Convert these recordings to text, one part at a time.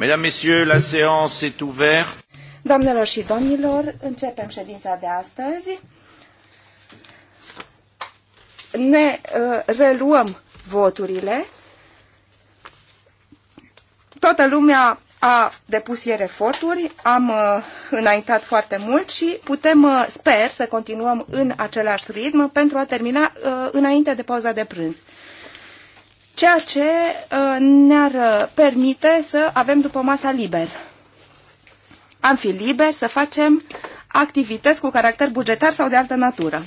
Mesdames, Messieurs, la séance est ouverte. Doamnelor și domnilor, începem ședința de astăzi. Ne uh, reluăm voturile. Toată lumea a depus ieri eforturi, am uh, înaintat foarte mult și putem, uh, sper, să continuăm în același ritm pentru a termina uh, înainte de pauza de prânz. Uh, ceea ce uh, ne-ar uh, permite să avem după masa liber. Am fi liber să facem activități cu caracter bugetar sau de altă natură.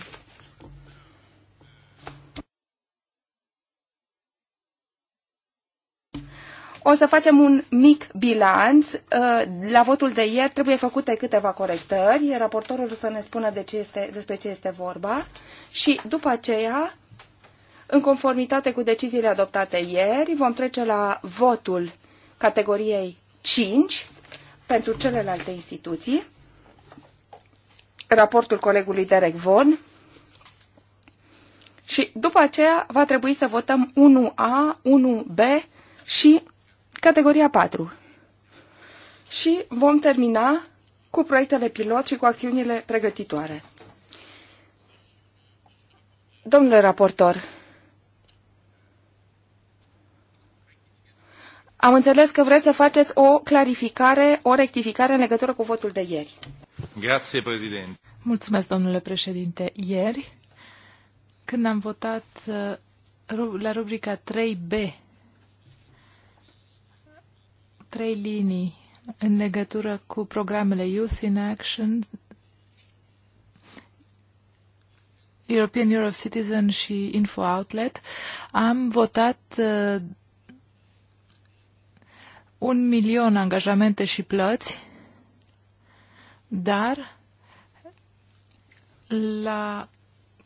O să facem un mic bilanț. Uh, la votul de ieri trebuie făcute câteva corectări. Raportorul să ne spună de ce este, despre ce este vorba. Și după aceea în conformitate cu deciziile adoptate ieri, vom trece la votul categoriei 5 pentru celelalte instituții. Raportul colegului Derek Von. Și după aceea va trebui să votăm 1A, 1B și categoria 4. Și vom termina cu proiectele pilot și cu acțiunile pregătitoare. Domnule raportor, Am înțeles că vreți să faceți o clarificare, o rectificare în legătură cu votul de ieri. Grazie, președinte. Mulțumesc, domnule președinte. Ieri, când am votat uh, la rubrica 3B, trei linii în legătură cu programele Youth in Action, European Euro Citizen și Info Outlet, am votat uh, un milion angajamente și plăți, dar la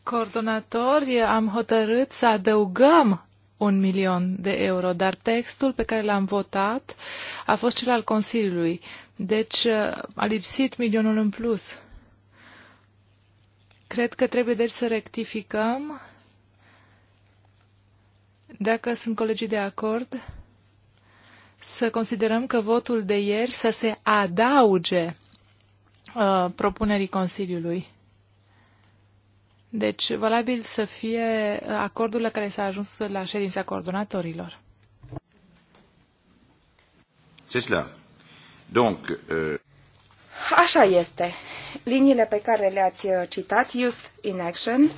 coordonatori am hotărât să adăugăm un milion de euro, dar textul pe care l-am votat a fost cel al Consiliului. Deci uh, a lipsit milionul în plus. Cred că trebuie deci să rectificăm. Dacă sunt colegii de acord, să considerăm că votul de ieri să se adauge uh, propunerii Consiliului. Deci, valabil să fie acordul la care s-a ajuns la ședința coordonatorilor. C'est cela. Donc, euh... Așa este. Liniile pe care le-ați uh, citat, Youth in Action,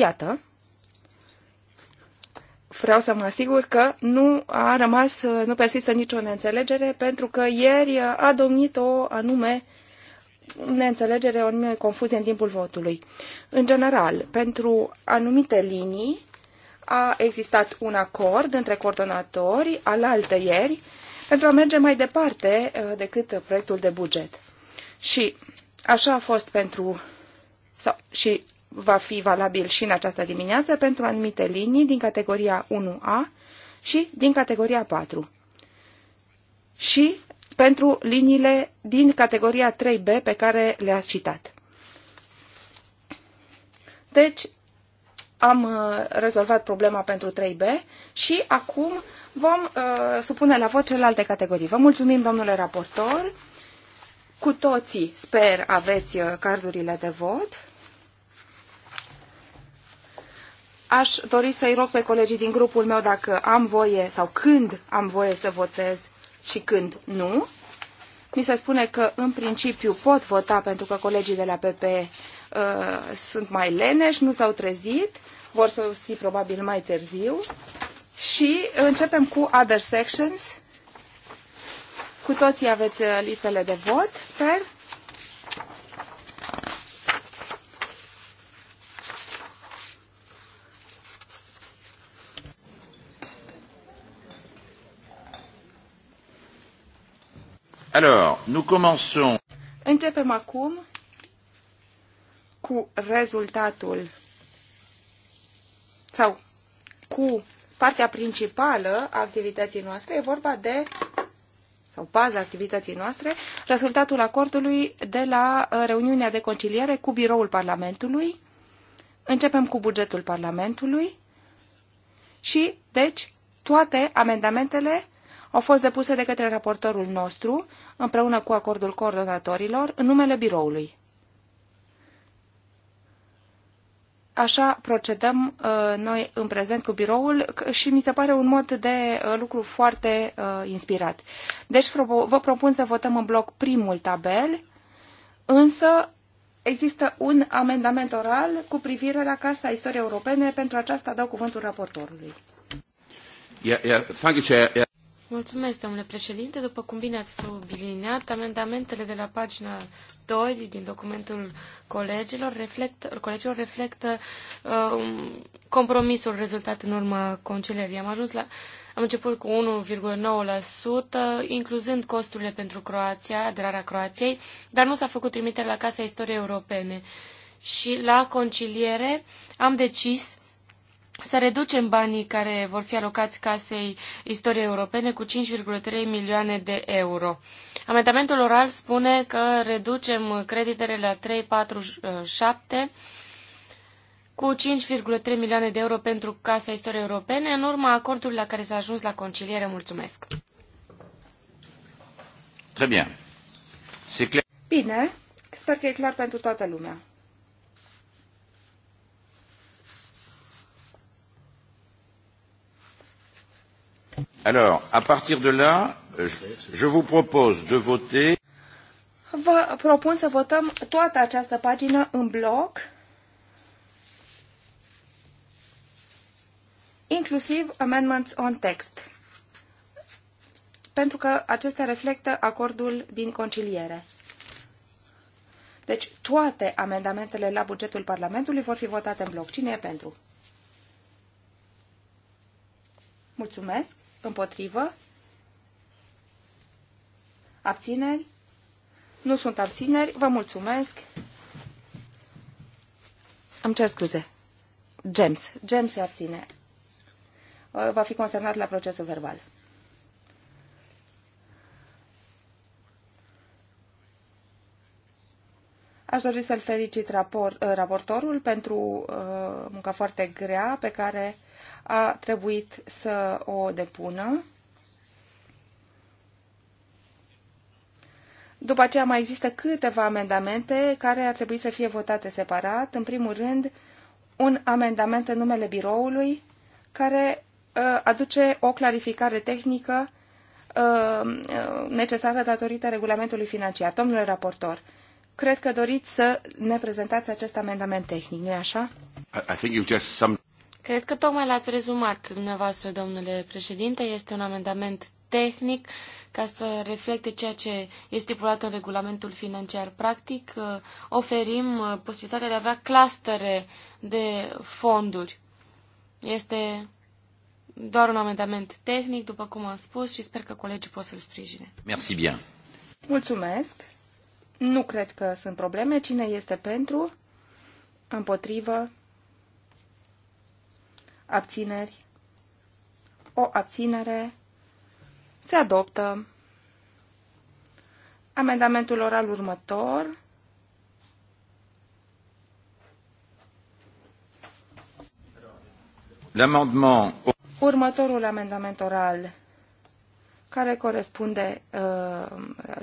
Iată, vreau să mă asigur că nu a rămas, nu persistă nicio neînțelegere, pentru că ieri a domnit o anume neînțelegere, o anume confuzie în timpul votului. În general, pentru anumite linii a existat un acord între coordonatori al ieri pentru a merge mai departe uh, decât proiectul de buget. Și așa a fost pentru sau, și va fi valabil și în această dimineață pentru anumite linii din categoria 1A și din categoria 4. Și pentru liniile din categoria 3B pe care le-ați citat. Deci, am uh, rezolvat problema pentru 3B și acum vom uh, supune la vot celelalte categorii. Vă mulțumim, domnule raportor. Cu toții, sper, aveți uh, cardurile de vot. aș dori să-i rog pe colegii din grupul meu dacă am voie sau când am voie să votez și când nu. Mi se spune că în principiu pot vota pentru că colegii de la PP uh, sunt mai leneși, nu s-au trezit, vor să o probabil mai târziu. Și începem cu Other Sections. Cu toții aveți uh, listele de vot, sper. Alors, nous commençons. Începem acum cu rezultatul sau cu partea principală a activității noastre. E vorba de sau baza activității noastre, rezultatul acordului de la uh, reuniunea de conciliere cu biroul Parlamentului. Începem cu bugetul Parlamentului și, deci, toate amendamentele au fost depuse de către raportorul nostru, împreună cu acordul coordonatorilor, în numele biroului. Așa procedăm uh, noi în prezent cu biroul și mi se pare un mod de uh, lucru foarte uh, inspirat. Deci vă propun să votăm în bloc primul tabel, însă există un amendament oral cu privire la Casa Istoriei Europene. Pentru aceasta dau cuvântul raportorului. Yeah, yeah. Thank you, Chair. Yeah. Mulțumesc, domnule președinte. După cum bine ați subliniat, amendamentele de la pagina 2 din documentul colegilor reflectă, colegilor reflectă uh, compromisul rezultat în urma concilierii. Am ajuns la am început cu 1,9%, incluzând costurile pentru Croația, aderarea Croației, dar nu s-a făcut trimitere la Casa Istoriei Europene. Și la conciliere am decis să reducem banii care vor fi alocați casei istoriei europene cu 5,3 milioane de euro. Amendamentul oral spune că reducem creditele la 347 cu 5,3 milioane de euro pentru Casa Istoriei Europene, în urma acordului la care s-a ajuns la conciliere. Mulțumesc! Bine, sper că e clar pentru toată lumea. Alors, à partir de là, je vous propose de voter. Vă propun să votăm toată această pagină în bloc, inclusiv amendments on text, pentru că acestea reflectă acordul din conciliere. Deci toate amendamentele la bugetul Parlamentului vor fi votate în bloc. Cine e pentru? Mulțumesc. Împotrivă? Abțineri? Nu sunt abțineri. Vă mulțumesc. Îmi cer scuze. James. James se abține. Uh, va fi consemnat la procesul verbal. Aș dori să-l felicit rapor, uh, raportorul pentru uh, munca foarte grea pe care uh, a trebuit să o depună. După aceea mai există câteva amendamente care ar trebui să fie votate separat. În primul rând, un amendament în numele biroului care uh, aduce o clarificare tehnică uh, uh, necesară datorită regulamentului financiar. Domnule raportor, cred că doriți să ne prezentați acest amendament tehnic, nu-i așa? I think you've just summed Cred că tocmai l-ați rezumat dumneavoastră, domnule președinte. Este un amendament tehnic ca să reflecte ceea ce este stipulat în regulamentul financiar. Practic, uh, oferim uh, posibilitatea de a avea clustere de fonduri. Este doar un amendament tehnic, după cum am spus, și sper că colegii pot să-l sprijine. Merci bien. Mulțumesc. Nu cred că sunt probleme. Cine este pentru? Împotrivă? abțineri, o abținere, se adoptă. Amendamentul oral următor. Următorul amendament oral care corespunde uh,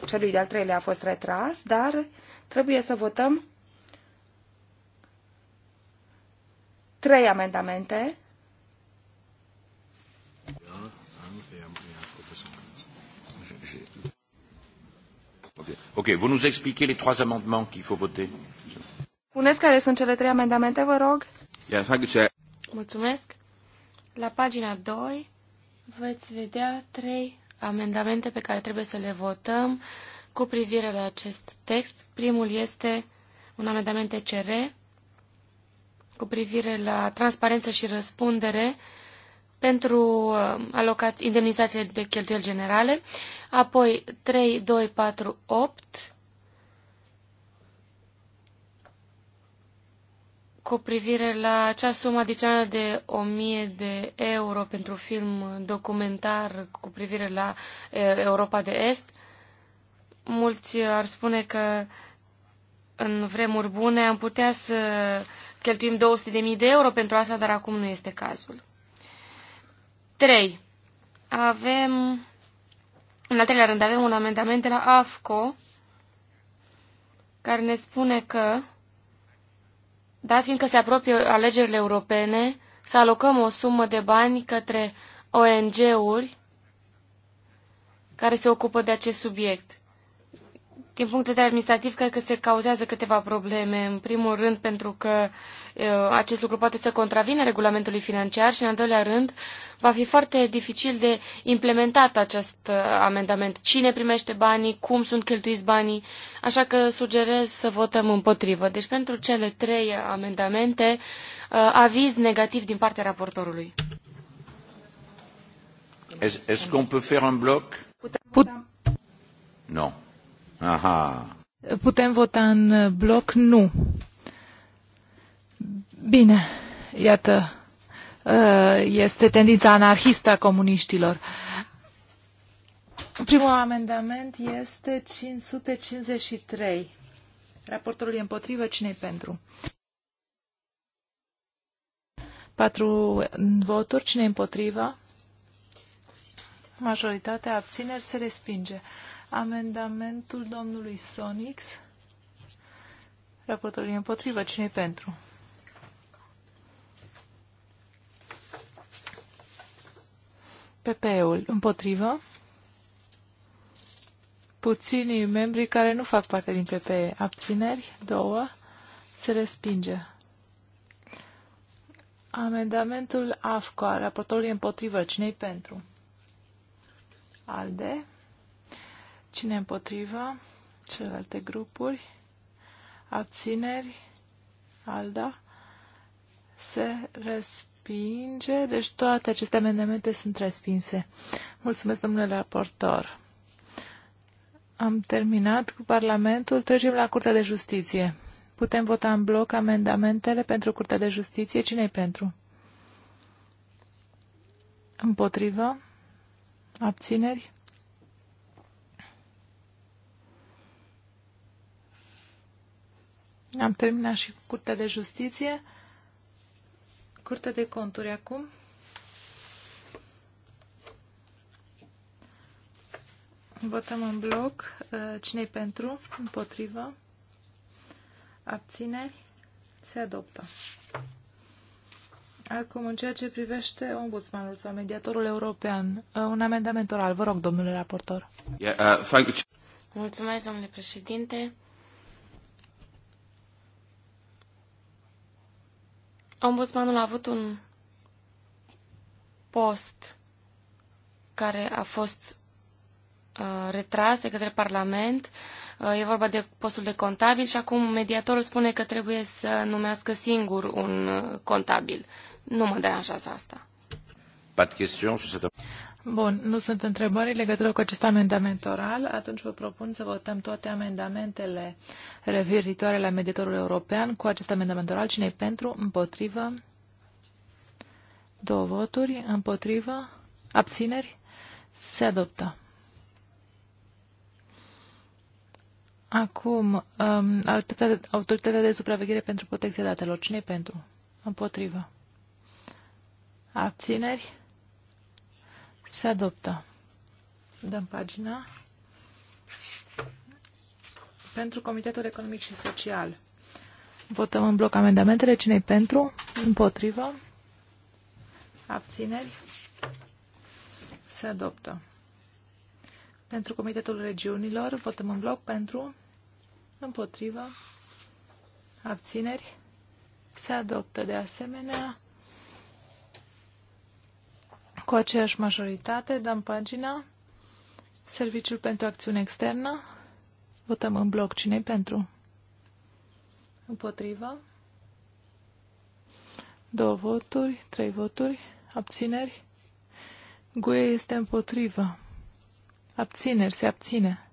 celui de-al treilea a fost retras, dar trebuie să votăm trei amendamente Ok, vous nous expliquez les trois amendements qu'il faut voter. Puneți care sunt cele trei amendamente, vă rog. Mulțumesc. La pagina 2 veți vedea trei amendamente pe care trebuie să le votăm cu privire la acest text. Primul este un amendament ECR cu privire la transparență și răspundere pentru uh, alocați, indemnizație de cheltuieli generale apoi 3, 2, 4, 8 cu privire la acea sumă adițională de 1000 de euro pentru film documentar cu privire la Europa de Est. Mulți ar spune că în vremuri bune am putea să cheltuim 200.000 de euro pentru asta, dar acum nu este cazul. 3. Avem în al treilea rând avem un amendament de la AFCO care ne spune că, dat fiindcă se apropie alegerile europene, să alocăm o sumă de bani către ONG-uri care se ocupă de acest subiect. Din punct de vedere administrativ, cred că se cauzează câteva probleme. În primul rând, pentru că acest lucru poate să contravine regulamentului financiar și, în al doilea rând, va fi foarte dificil de implementat acest uh, amendament. Cine primește banii, cum sunt cheltuiți banii, așa că sugerez să votăm împotrivă. Deci, pentru cele trei amendamente, uh, aviz negativ din partea raportorului. Est-ce qu'on peut faire un bloc? Put Put... Non. Aha. Putem vota în bloc? Nu. Bine, iată, uh, este tendința anarhistă a comuniștilor. Primul amendament este 553. Raportorul e împotrivă, cine pentru? Patru voturi, cine împotrivă? Majoritatea abțineri se respinge. Amendamentul domnului Sonix. Raportorul e împotrivă. cine pentru? PPE-ul împotrivă. Puținii membri care nu fac parte din PPE. Abțineri, două, se respinge. Amendamentul AFCOA, raportorul e împotrivă. cine e pentru? ALDE. Cine împotriva? Celelalte grupuri. Abțineri. Alda. Se respinge. Deci toate aceste amendamente sunt respinse. Mulțumesc, domnule raportor. Am terminat cu Parlamentul. Trecem la Curtea de Justiție. Putem vota în bloc amendamentele pentru Curtea de Justiție. cine e pentru? Împotrivă? Abțineri? Am terminat și cu Curtea de Justiție. Curtea de Conturi acum. Votăm în bloc. Uh, cine pentru? Împotrivă? Abțineri? Se adoptă. Acum, în ceea ce privește ombudsmanul sau mediatorul european, uh, un amendament oral. Vă rog, domnule raportor. Yeah, uh, Mulțumesc, domnule președinte. Ombudsmanul a avut un post care a fost uh, retras de către Parlament. Uh, e vorba de postul de contabil și acum mediatorul spune că trebuie să numească singur un uh, contabil. Nu mă deranjează asta. Bun, nu sunt întrebări în legătură cu acest amendament oral. Atunci vă propun să votăm toate amendamentele referitoare la mediatorul european cu acest amendament oral. Cine pentru? Împotrivă? Două voturi. Împotrivă? Abțineri? Se adoptă. Acum, um, autoritatea de supraveghere pentru protecția datelor. Cine pentru? Împotrivă. Abțineri? Se adoptă. Dăm pagina. Pentru Comitetul Economic și Social. Votăm în bloc amendamentele. Cine-i pentru? Împotrivă? Abțineri? Se adoptă. Pentru Comitetul Regiunilor, votăm în bloc pentru, împotrivă, abțineri. Se adoptă de asemenea cu aceeași majoritate. Dăm pagina. Serviciul pentru acțiune externă. Votăm în bloc cine pentru. Împotrivă. Două voturi, trei voturi, abțineri. Guie este împotrivă. Abțineri, se abține.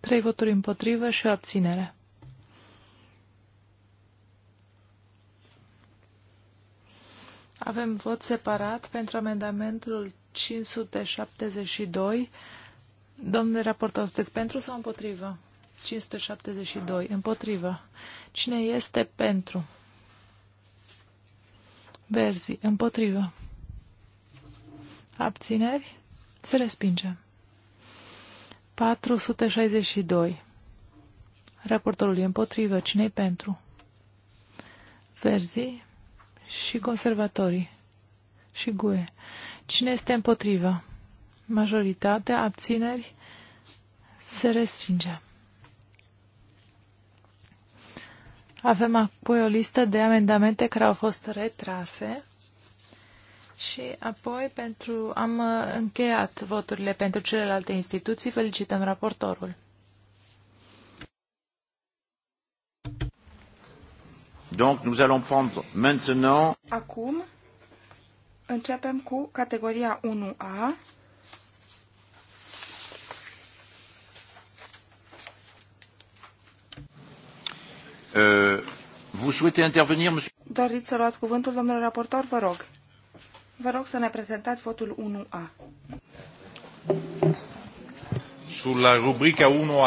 Trei voturi împotrivă și o abținere. Avem vot separat pentru amendamentul 572. Domnule raportor, sunteți pentru sau împotrivă? 572. Împotrivă. Cine este pentru? Verzi. Împotrivă. Abțineri? Se respinge. 462. Raportorul e împotrivă. Cine-i pentru? Verzi și conservatorii și GUE. Cine este împotrivă? Majoritatea, abțineri, se respinge. Avem apoi o listă de amendamente care au fost retrase și apoi pentru am încheiat voturile pentru celelalte instituții. Felicităm raportorul. Donc nous allons prendre maintenant... Acum începem cu categoria 1A. Uh, vous souhaitez intervenir, monsieur... Doriți să luați cuvântul, domnule raportor, vă rog. Vă rog să ne prezentați votul 1A. Sulla rubrica 1A.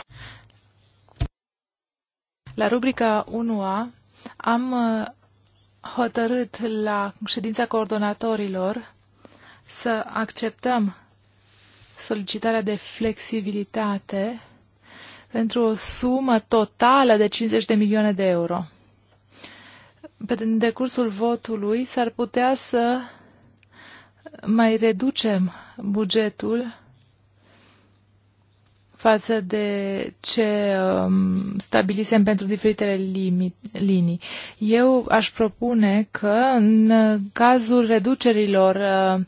La rubrica 1A am uh, hotărât la ședința coordonatorilor să acceptăm solicitarea de flexibilitate pentru o sumă totală de 50 de milioane de euro. Pe decursul votului s-ar putea să mai reducem bugetul față de ce um, stabilisem pentru diferitele limit, linii. Eu aș propune că în cazul reducerilor uh,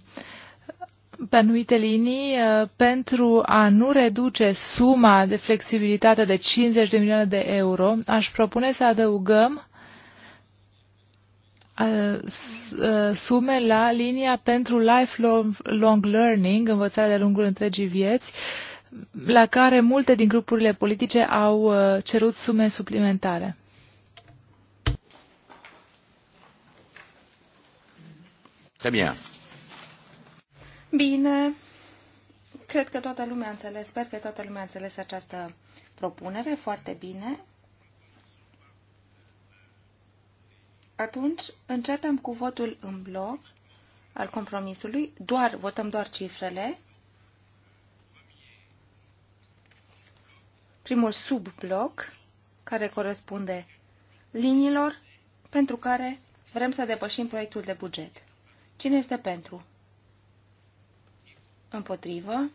pe anumite linii, uh, pentru a nu reduce suma de flexibilitate de 50 de milioane de euro, aș propune să adăugăm uh, uh, sume la linia pentru lifelong learning, învățarea de lungul întregii vieți, uh, la care multe din grupurile politice au uh, cerut sume suplimentare. Très bien. Bine. Cred că toată lumea a înțeles, sper că toată lumea a înțeles această propunere foarte bine. Atunci începem cu votul în bloc al compromisului. Doar votăm doar cifrele primul subbloc, care corespunde liniilor pentru care vrem să depășim proiectul de buget. Cine este pentru? Împotrivă.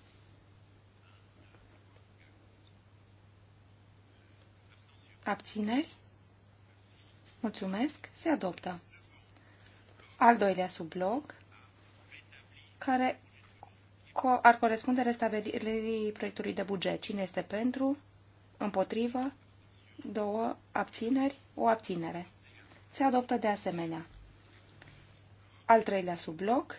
Abțineri? Mulțumesc. Se adoptă. Al doilea subbloc, care ar corespunde restabilirii proiectului de buget. Cine este Pentru împotrivă, două abțineri, o abținere. Se adoptă de asemenea. Al treilea subloc,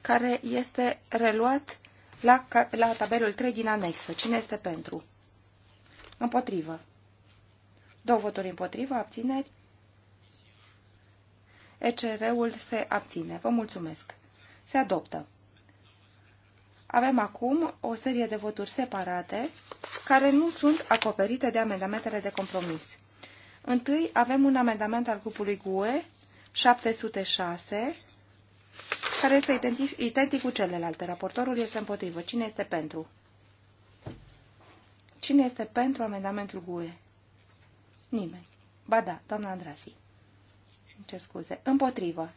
care este reluat la, la tabelul 3 din anexă. Cine este pentru? Împotrivă. Două voturi împotrivă, abțineri. ECR-ul se abține. Vă mulțumesc. Se adoptă. Avem acum o serie de voturi separate care nu sunt acoperite de amendamentele de compromis. Întâi avem un amendament al grupului GUE 706 care este identic, identic cu celelalte. Raportorul este împotrivă. Cine este pentru? Cine este pentru amendamentul GUE? Nimeni. Ba da, doamna Andrasi. Ce scuze. Împotrivă.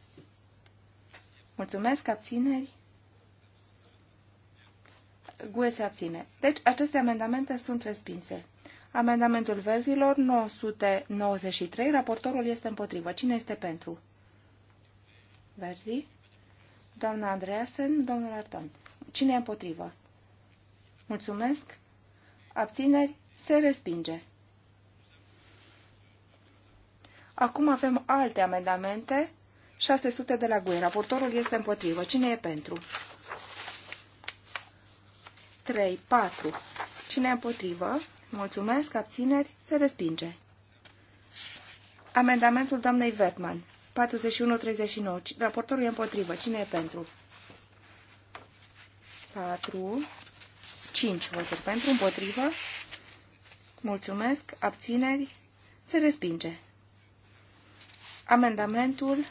Mulțumesc, abțineri. GUE se abține. Deci, aceste amendamente sunt respinse. Amendamentul verzilor 993, raportorul este împotrivă. Cine este pentru? Verzi? Doamna Andreasen, domnul Arton. Cine e împotrivă? Mulțumesc. Abțineri? Se respinge. Acum avem alte amendamente. 600 de la GUE. Raportorul este împotrivă. Cine e pentru? 3, 4. Cine împotrivă? Mulțumesc, abțineri, se respinge. Amendamentul doamnei Vertman. 41-39. Raportorul e împotrivă. Cine e pentru? 4, 5 voturi pentru, împotrivă. Mulțumesc, abțineri, se respinge. Amendamentul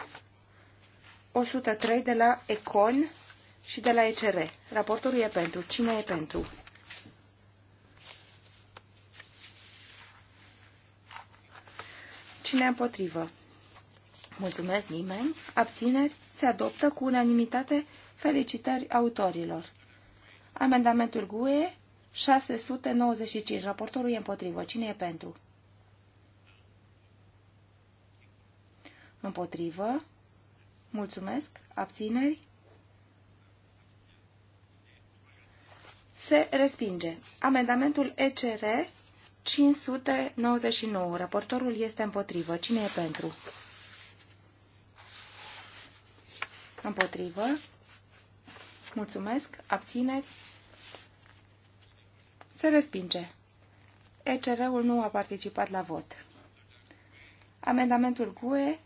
103 de la Econ, și de la ECR. Raportorul e pentru. Cine e pentru? Cine împotrivă? Mulțumesc nimeni. Abțineri se adoptă cu unanimitate felicitări autorilor. Amendamentul GUE 695. Raportorul e împotrivă. Cine e pentru? Împotrivă. Mulțumesc. Abțineri. Se respinge. Amendamentul ECR 599. Raportorul este împotrivă. Cine e pentru? Împotrivă. Mulțumesc. Abțineri. Se respinge. ECR-ul nu a participat la vot. Amendamentul GUE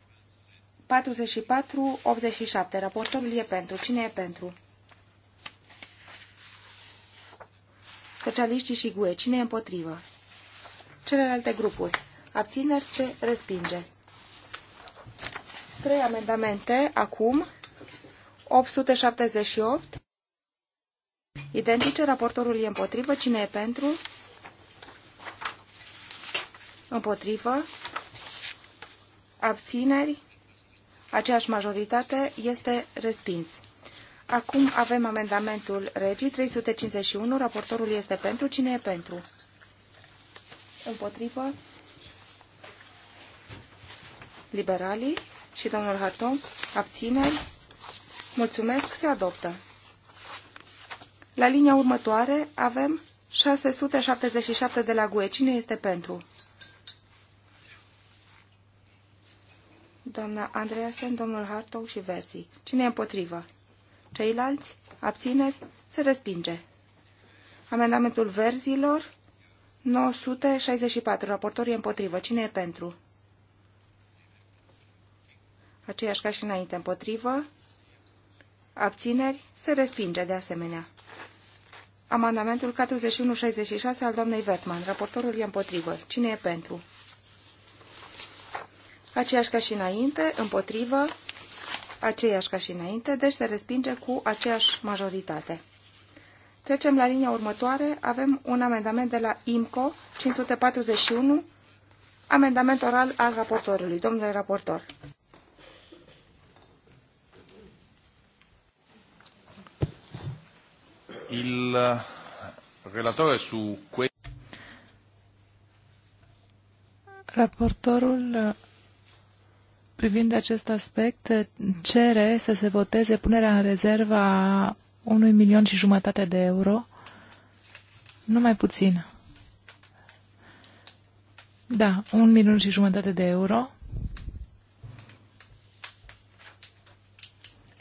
44-87. Raportorul e pentru. Cine e pentru? Specialiștii și GUE. Cine e împotrivă? Celelalte grupuri. Abțineri se respinge. Trei amendamente. Acum. 878. Identice. Raportorul e împotrivă. Cine e pentru? Împotrivă. Abțineri. Aceeași majoritate este respins. Acum avem amendamentul regii 351. Raportorul este pentru. Cine e pentru? Împotrivă. Liberalii și domnul Harton. Abțineri. Mulțumesc. Se adoptă. La linia următoare avem 677 de la GUE. Cine este pentru? Doamna Andreasen, domnul Hartog și Versi. Cine e împotrivă? Ceilalți? Abțineri? Se respinge. Amendamentul verzilor 964. Raportorii împotrivă. Cine e pentru? Aceiași ca și înainte împotrivă. Abțineri? Se respinge de asemenea. Amendamentul 4166 al doamnei Vetman. Raportorul e împotrivă. Cine e pentru? Aceeași ca și înainte, împotrivă, aceeași ca și înainte, deci se respinge cu aceeași majoritate. Trecem la linia următoare. Avem un amendament de la IMCO 541, amendament oral al raportorului. Domnule raportor. Il uh, relatore su Raportorul uh, privind acest aspect cere să se voteze punerea în rezervă a unui milion și jumătate de euro, nu mai puțin. Da, un milion și jumătate de euro.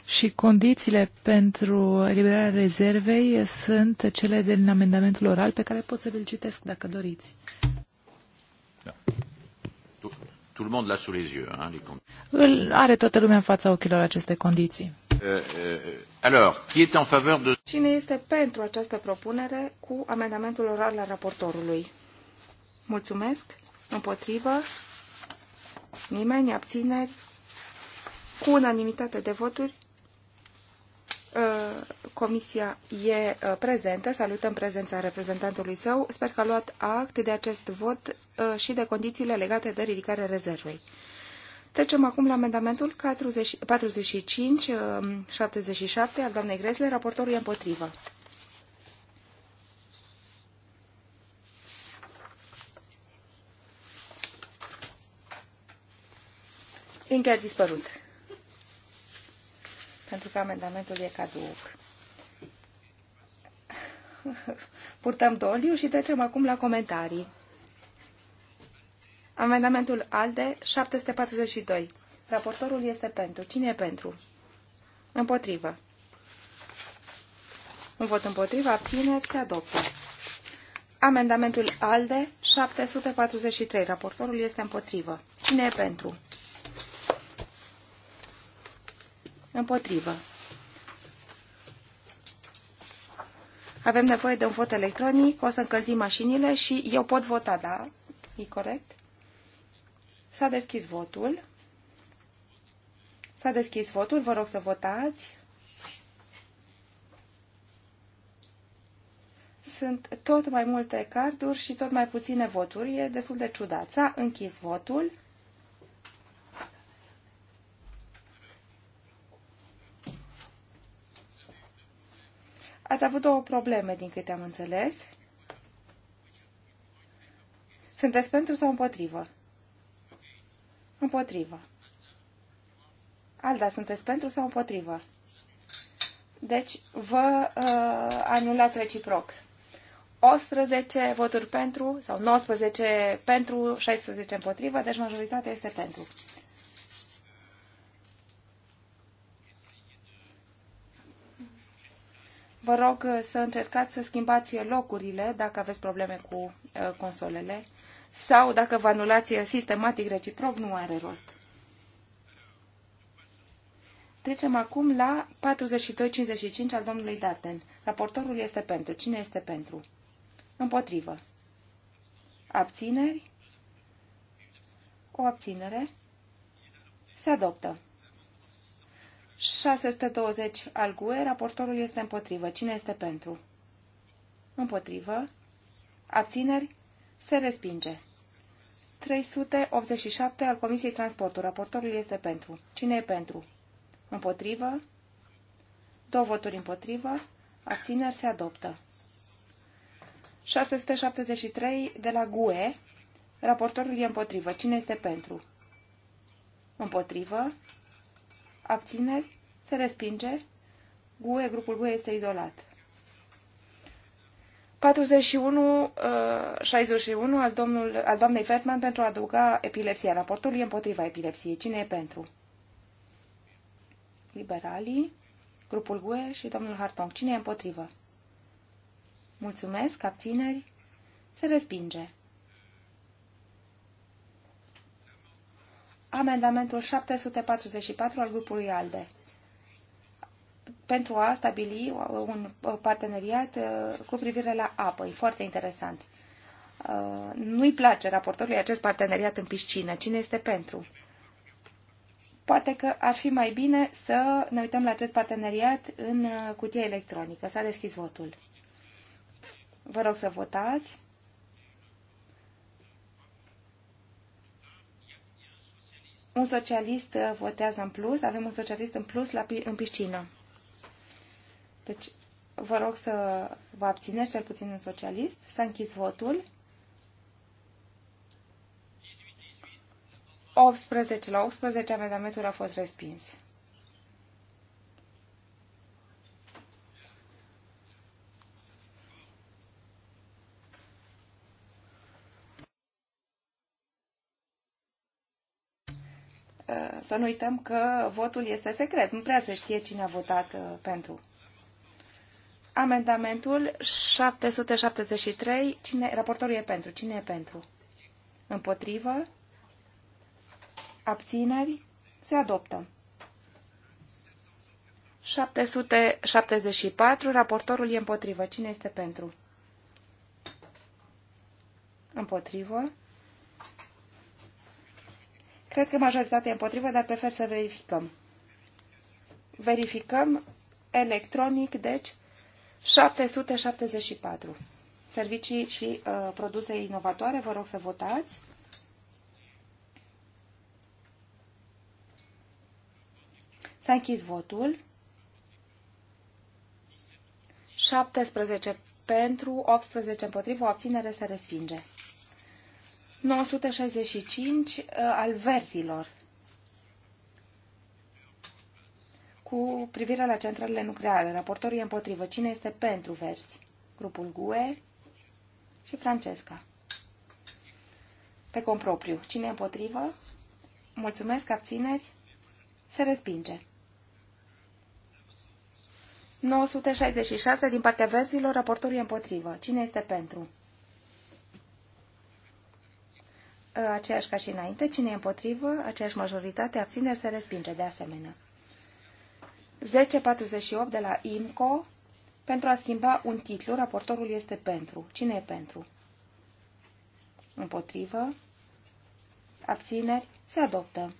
Și condițiile pentru eliberarea rezervei sunt cele din amendamentul oral pe care pot să vi-l citesc dacă doriți. Tout le monde l'a sous les yeux, hein, les Îl are toată lumea în fața ochilor aceste condiții. Uh, uh, alors, qui est en faveur de... Cine este pentru această propunere cu amendamentul oral al raportorului? Mulțumesc. Împotrivă. Nimeni abține Cu unanimitate de voturi Uh, comisia e uh, prezentă, salutăm prezența reprezentantului său. Sper că a luat act de acest vot uh, și de condițiile legate de ridicarea rezervei. Trecem acum la amendamentul 45-77 al doamnei Gresle. Raportorul e împotrivă. Încă a dispărut pentru că amendamentul e caduc. Purtăm doliu și trecem acum la comentarii. Amendamentul ALDE 742. Raportorul este pentru. Cine e pentru? Împotrivă. Un vot împotrivă, abțineri, se adoptă. Amendamentul ALDE 743. Raportorul este împotrivă. Cine e pentru? Împotrivă. Avem nevoie de un vot electronic, o să încălzim mașinile și eu pot vota, da? E corect? S-a deschis votul. S-a deschis votul, vă rog să votați. Sunt tot mai multe carduri și tot mai puține voturi, e destul de ciudat. S-a închis votul. Ați avut două probleme, din câte am înțeles. Sunteți pentru sau împotrivă? Împotrivă. Alda, sunteți pentru sau împotrivă? Deci, vă uh, anulați reciproc. 18 voturi pentru sau 19 pentru, 16 împotrivă, deci majoritatea este pentru. Vă rog uh, să încercați să schimbați locurile dacă aveți probleme cu uh, consolele sau dacă vă anulați uh, sistematic reciproc, nu are rost. Trecem acum la 42.55 al domnului Darten. Raportorul este pentru. Cine este pentru? Împotrivă. Abțineri? O abținere? Se adoptă. 620 al GUE, raportorul este împotrivă. Cine este pentru? Împotrivă. Abțineri? Se respinge. 387 al Comisiei Transportul. Raportorul este pentru. Cine e pentru? Împotrivă. Două voturi împotrivă. Abțineri se adoptă. 673 de la GUE. Raportorul e împotrivă. Cine este pentru? Împotrivă abțineri, se respinge. GUE, grupul GUE este izolat. 41, uh, 61 al, domnul, al doamnei Fertman pentru a aduca epilepsia raportului împotriva epilepsiei. Cine e pentru? Liberalii, grupul GUE și domnul Hartong. Cine e împotrivă? Mulțumesc, abțineri, se respinge. amendamentul 744 al grupului ALDE pentru a stabili uh, un uh, parteneriat uh, cu privire la apă. E foarte interesant. Nu-i place raportorului acest parteneriat în piscină. Cine este pentru? Poate că ar fi mai bine să ne uităm la acest parteneriat în cutia electronică. S-a deschis votul. Vă rog să votați. un socialist uh, votează în plus, avem un socialist în plus la, în piscină. Deci, vă rog să vă abțineți cel puțin un socialist. S-a închis votul. 18 la 18, amendamentul a fost respins. Să nu uităm că votul este secret. Nu prea se știe cine a votat uh, pentru. Amendamentul 773. Cine, raportorul e pentru. Cine e pentru? Împotrivă? Abțineri? Se adoptă. 774. Raportorul e împotrivă. Cine este pentru? Împotrivă? Cred că majoritatea e împotrivă, dar prefer să verificăm. Verificăm electronic, deci 774. Servicii și uh, produse inovatoare, vă rog să votați. S-a închis votul. 17 pentru, 18 împotrivă, o abținere se respinge. 965 uh, al versilor cu privire la centralele nucleare. Raportorul e împotrivă. Cine este pentru versi? Grupul GUE și Francesca. Pe compropriu. Cine e împotrivă? Mulțumesc, abțineri. Se respinge. 966 din partea versilor, raportorul e împotrivă. Cine este pentru? Uh, aceeași ca și înainte. Cine e împotrivă, aceeași majoritate, abține să respinge de asemenea. 10.48 de la IMCO. Pentru a schimba un titlu, raportorul este pentru. Cine e pentru? Împotrivă. Abțineri. Se adoptă.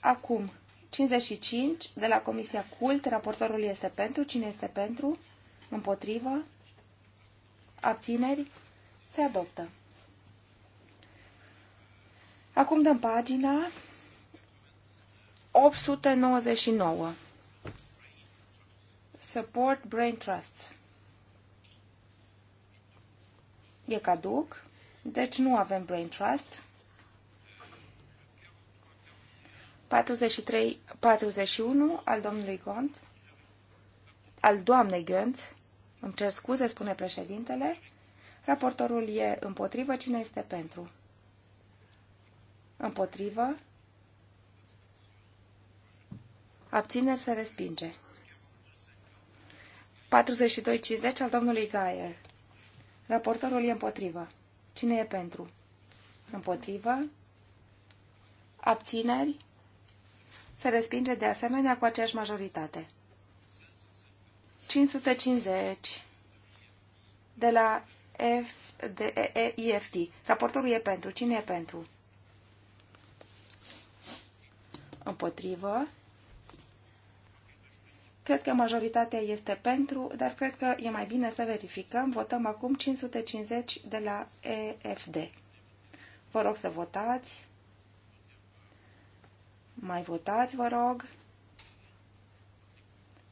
Acum, 55 de la Comisia Cult. Raportorul este pentru. Cine este pentru? Împotrivă. Abțineri. Se adoptă. Acum dăm pagina 899. Support Brain Trust. E caduc, deci nu avem Brain Trust. 43-41 al domnului Gont, al doamnei Gont, îmi cer scuze, spune președintele. Raportorul e împotrivă, cine este pentru? Împotrivă. Abțineri se respinge. 42.50 al domnului Gaie. Raportorul e împotrivă. Cine e pentru? Împotrivă. Abțineri. Se respinge de asemenea cu aceeași majoritate. 550 de la F, de, e, e, IFT. Raportorul e pentru. Cine e pentru? împotrivă. Cred că majoritatea este pentru, dar cred că e mai bine să verificăm. Votăm acum 550 de la EFD. Vă rog să votați. Mai votați, vă rog.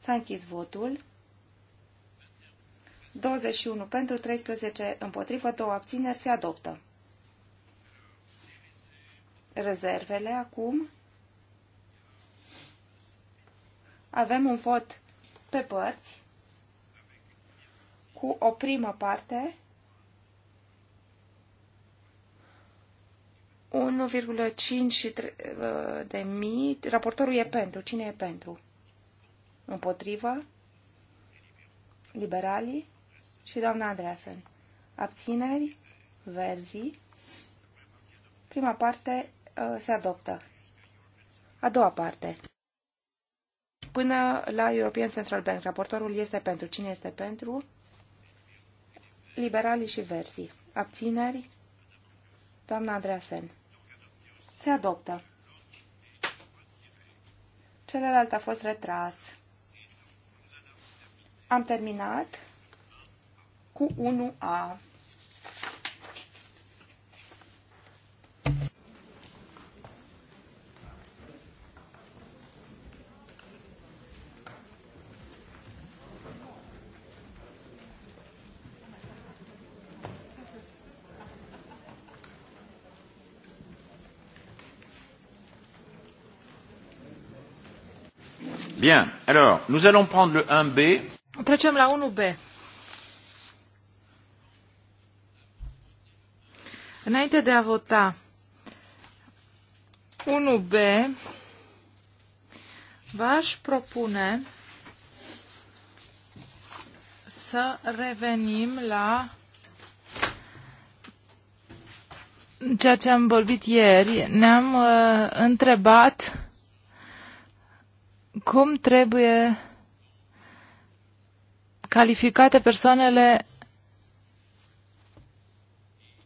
S-a închis votul. 21 pentru, 13 împotrivă, 2 abțineri se adoptă. Rezervele acum. Avem un vot pe părți cu o primă parte 1,5 de mii. Raportorul e pentru. Cine e pentru? Împotrivă? Liberalii? Și doamna Andreasen. Abțineri? Verzii? Prima parte uh, se adoptă. A doua parte până la European Central Bank. Raportorul este pentru. Cine este pentru? Liberalii și Versi. Abțineri? Doamna Andreasen. Se adoptă. Celălalt a fost retras. Am terminat cu 1A. Bien, alors, nous allons prendre le 1B. Trecem la 1B. Înainte de a vota 1B, v-aș propune să revenim la ceea ce am vorbit ieri. Ne-am uh, întrebat cum trebuie calificate persoanele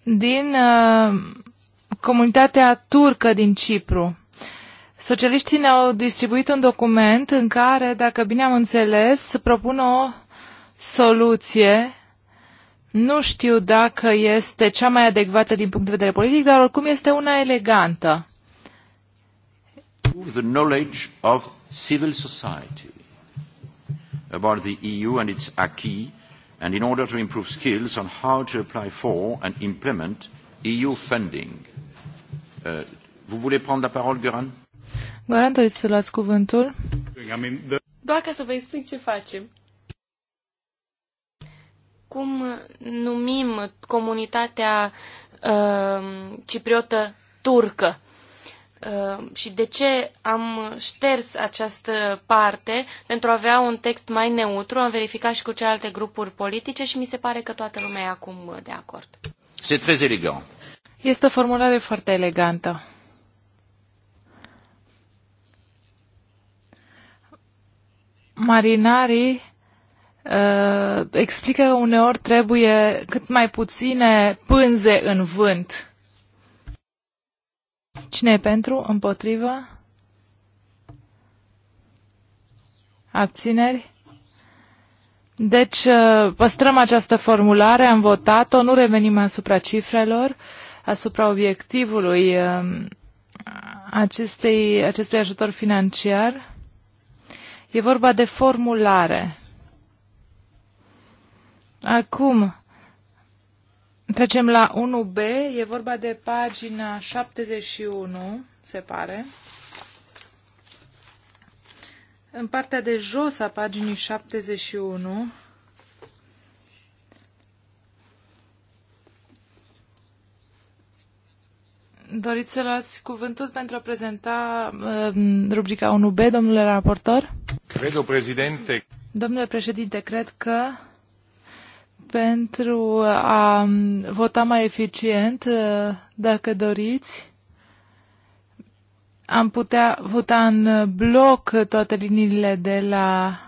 din uh, comunitatea turcă din Cipru. Socialiștii ne-au distribuit un document în care, dacă bine am înțeles, propun o soluție. Nu știu dacă este cea mai adecvată din punct de vedere politic, dar oricum este una elegantă the knowledge of civil society about the EU and its acquis, and in order to improve skills on how to apply for and implement EU funding. Uh, vous voulez prendre la parole, Goran? Goran, doriți să luați cuvântul? Doar ca să vă explic ce facem. Cum numim comunitatea uh, cipriotă turcă? Uh, și de ce am șters această parte pentru a avea un text mai neutru. Am verificat și cu celelalte grupuri politice și mi se pare că toată lumea e acum de acord. Este o formulare foarte elegantă. Marinarii uh, explică că uneori trebuie cât mai puține pânze în vânt Cine e pentru? Împotrivă? Abțineri? Deci uh, păstrăm această formulare, am votat-o, nu revenim asupra cifrelor, asupra obiectivului um, acestei, acestui ajutor financiar. E vorba de formulare. Acum, Trecem la 1B, e vorba de pagina 71, se pare. În partea de jos a paginii 71, Doriți să luați cuvântul pentru a prezenta uh, rubrica 1B, domnule raportor? Credo, președinte. Domnule președinte, cred că pentru a um, vota mai eficient, uh, dacă doriți. Am putea vota în bloc toate liniile de la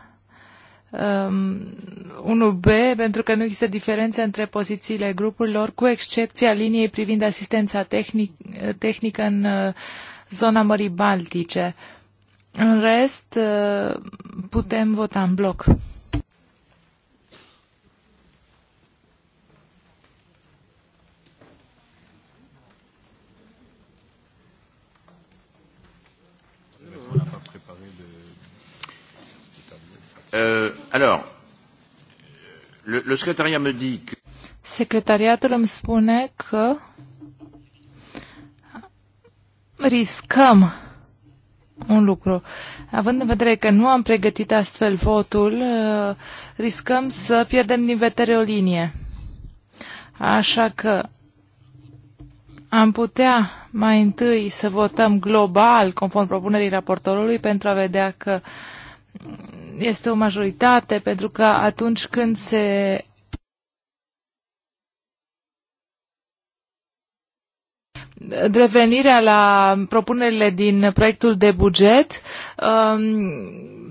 um, 1B, pentru că nu există diferențe între pozițiile grupurilor, cu excepția liniei privind asistența tehnic, tehnică în uh, zona Mării Baltice. În rest, uh, putem vota în bloc. Euh, alors, le, le secrétariat me dit que... Secretariatul îmi spune că riscăm un lucru. Având în vedere că nu am pregătit astfel votul, uh, riscăm să pierdem din vedere o linie. Așa că am putea mai întâi să votăm global, conform propunerii raportorului, pentru a vedea că uh, este o majoritate, pentru că atunci când se revenirea la propunerile din proiectul de buget, um,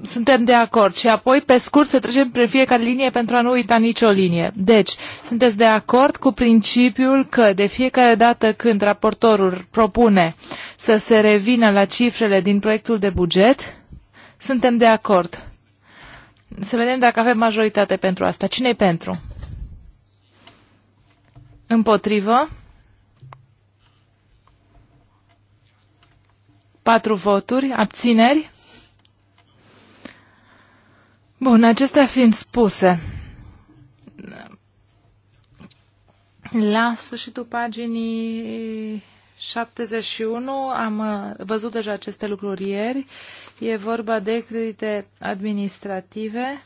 suntem de acord. Și apoi, pe scurt, să trecem prin fiecare linie pentru a nu uita nicio linie. Deci, sunteți de acord cu principiul că de fiecare dată când raportorul propune să se revină la cifrele din proiectul de buget, suntem de acord. Să vedem dacă avem majoritate pentru asta. Cine-i pentru? Împotrivă? Patru voturi. Abțineri? Bun, acestea fiind spuse, la sfârșitul paginii 71, am uh, văzut deja aceste lucruri ieri. E vorba de credite administrative.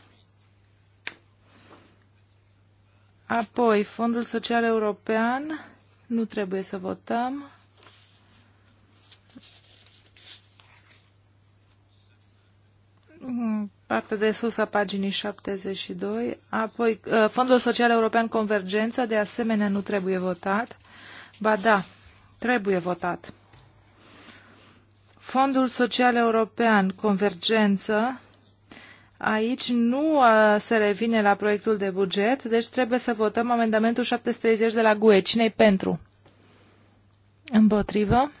Apoi, Fondul Social European, nu trebuie să votăm. Mm, partea de sus a paginii 72. Apoi, uh, Fondul Social European Convergență, de asemenea, nu trebuie votat. Ba da, Trebuie votat. Fondul Social European, convergență, aici nu se revine la proiectul de buget, deci trebuie să votăm amendamentul 730 de la GUE. Cine-i pentru? Împotrivă?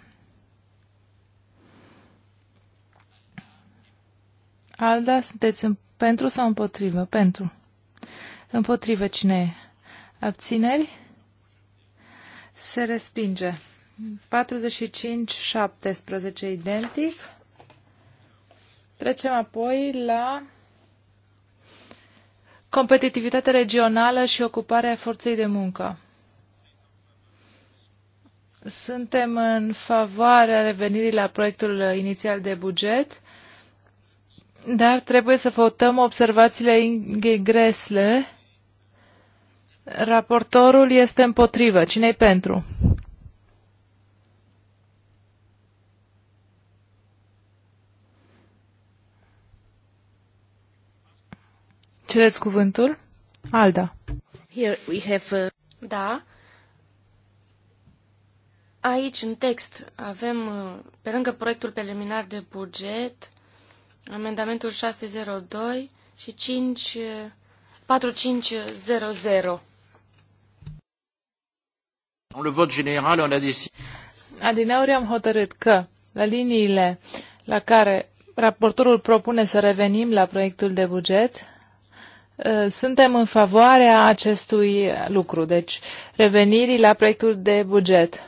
Alda, sunteți pentru sau împotrivă? Pentru. Împotrivă cine e? Abțineri? Se respinge. 45-17 identic. Trecem apoi la competitivitate regională și ocuparea forței de muncă. Suntem în favoarea revenirii la proiectul inițial de buget, dar trebuie să votăm observațiile ingresle. Raportorul este împotrivă. Cine-i pentru? Cereți cuvântul? Alda. Here we have a... Uh, da. Aici, în text, avem, uh, pe lângă proiectul preliminar de buget, amendamentul 602 și 5, 4500. În le vot general, on a decis... Adineori am hotărât că, la liniile la care raportorul propune să revenim la proiectul de buget, Uh, suntem în favoarea acestui lucru, deci revenirii la proiectul de buget.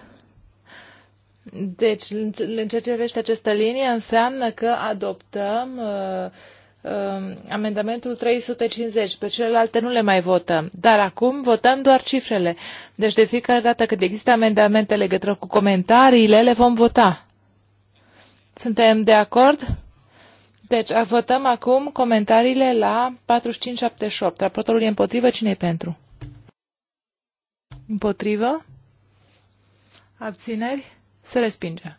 Deci, în ceea ce privește această linie, înseamnă că adoptăm uh, uh, amendamentul 350. Pe celelalte nu le mai votăm. Dar acum votăm doar cifrele. Deci, de fiecare dată când există amendamente legătură cu comentariile, le vom vota. Suntem de acord? Deci, votăm acum comentariile la 4578. Raportorul e împotrivă, cine e pentru? Împotrivă? Abțineri? Se respinge.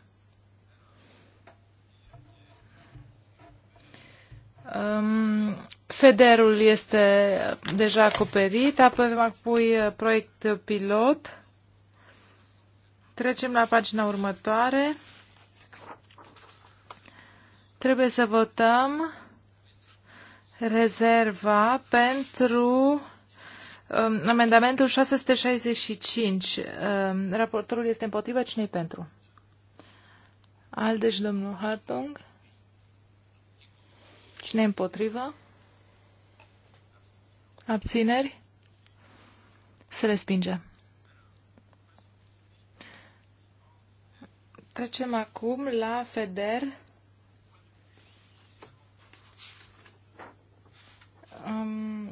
Um, Federul este deja acoperit, apoi avem apoi uh, proiect pilot. Trecem la pagina următoare. Trebuie să votăm rezerva pentru um, amendamentul 665. Um, raportorul este împotrivă. cine pentru? Aldeș, deci, domnul Hartung. Cine împotrivă? Abțineri? Se respinge. Trecem acum la FEDER Um,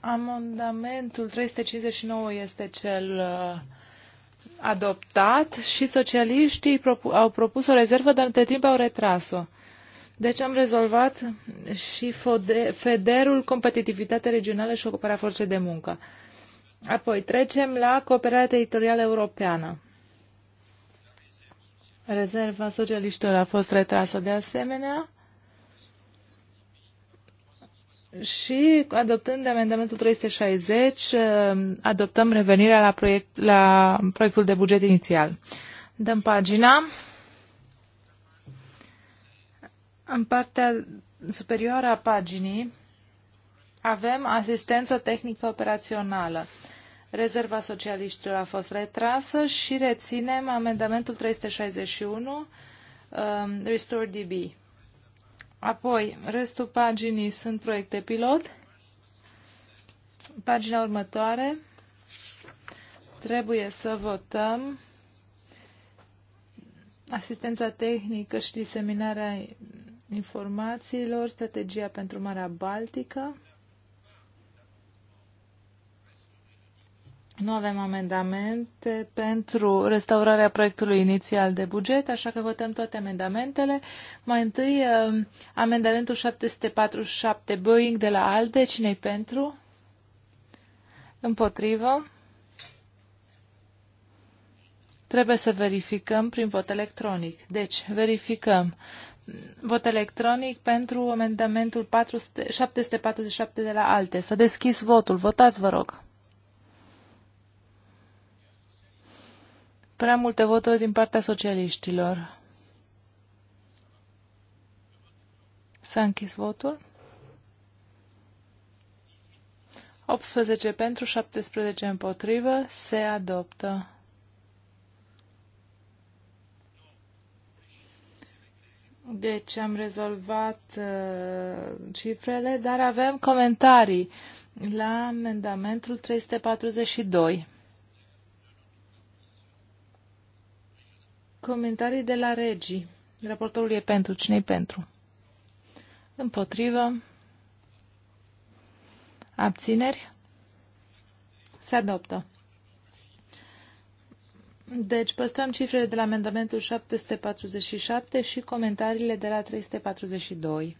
amendamentul 359 este cel uh, adoptat și socialiștii propu- au propus o rezervă, dar între timp au retras-o. Deci am rezolvat și federul competitivitate regională și ocuparea forței de muncă. Apoi trecem la cooperarea teritorială europeană. Rezerva socialiștilor a fost retrasă de asemenea. Și adoptând amendamentul 360, uh, adoptăm revenirea la, proiect, la proiectul de buget inițial. Dăm pagina. În partea superioară a paginii avem asistență tehnică operațională. Rezerva socialiștilor a fost retrasă și reținem amendamentul 361, um, Restore DB. Apoi, restul paginii sunt proiecte pilot. Pagina următoare trebuie să votăm asistența tehnică și diseminarea informațiilor, strategia pentru Marea Baltică. Nu avem amendamente pentru restaurarea proiectului inițial de buget, așa că votăm toate amendamentele. Mai întâi, um, amendamentul 747 Boeing de la ALDE. cine pentru? Împotrivă? Trebuie să verificăm prin vot electronic. Deci, verificăm vot electronic pentru amendamentul 400, 747 de la ALDE. S-a deschis votul. Votați, vă rog. Prea multe voturi din partea socialiștilor. S-a închis votul. 18 pentru, 17 împotrivă, se adoptă. Deci am rezolvat uh, cifrele, dar avem comentarii la amendamentul 342. Comentarii de la regii. Raportorul e pentru. cine pentru? Împotrivă. Abțineri. Se adoptă. Deci păstrăm cifrele de la amendamentul 747 și comentariile de la 342.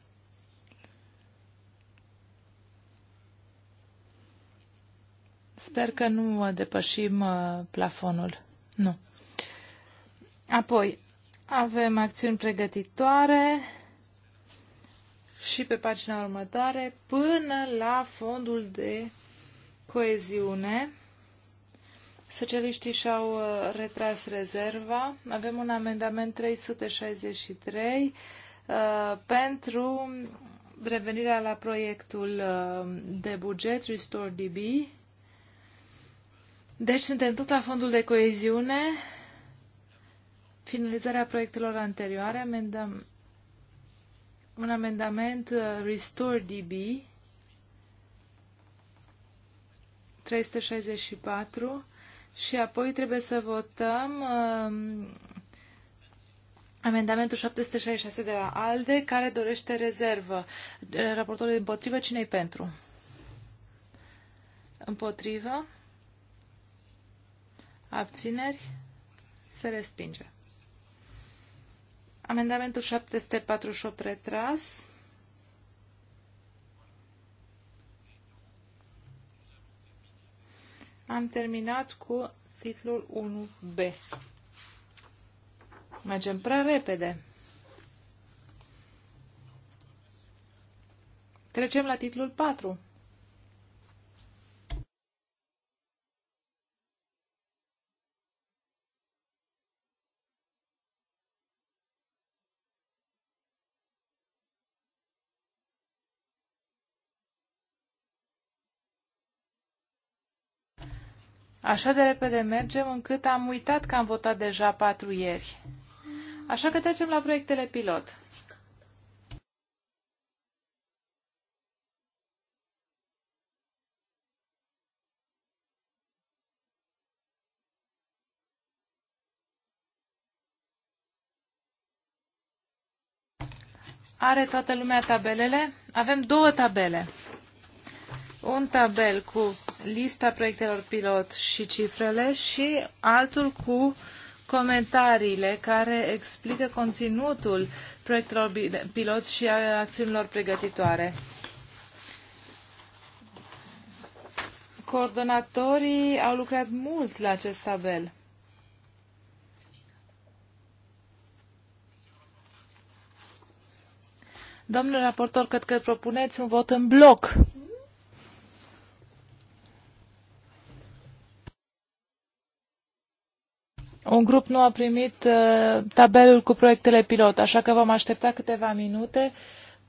Sper că nu depășim uh, plafonul. Nu. Apoi, avem acțiuni pregătitoare și pe pagina următoare până la fondul de coeziune. Socialiștii și-au uh, retras rezerva. Avem un amendament 363 uh, pentru revenirea la proiectul uh, de buget Restore DB. Deci suntem tot la fondul de coeziune finalizarea proiectelor anterioare, amendam, un amendament uh, Restore DB 364 și apoi trebuie să votăm uh, amendamentul 766 de la ALDE care dorește rezervă. Raportorul împotrivă, cine-i pentru? Împotrivă? Abțineri? Se respinge. Amendamentul 748 retras. Am terminat cu titlul 1B. Mergem prea repede. Trecem la titlul 4. Așa de repede mergem încât am uitat că am votat deja patru ieri. Așa că trecem la proiectele pilot. Are toată lumea tabelele? Avem două tabele un tabel cu lista proiectelor pilot și cifrele și altul cu comentariile care explică conținutul proiectelor pilot și a acțiunilor pregătitoare. Coordonatorii au lucrat mult la acest tabel. Domnule raportor, cred că propuneți un vot în bloc un grup nu a primit uh, tabelul cu proiectele pilot, așa că vom aștepta câteva minute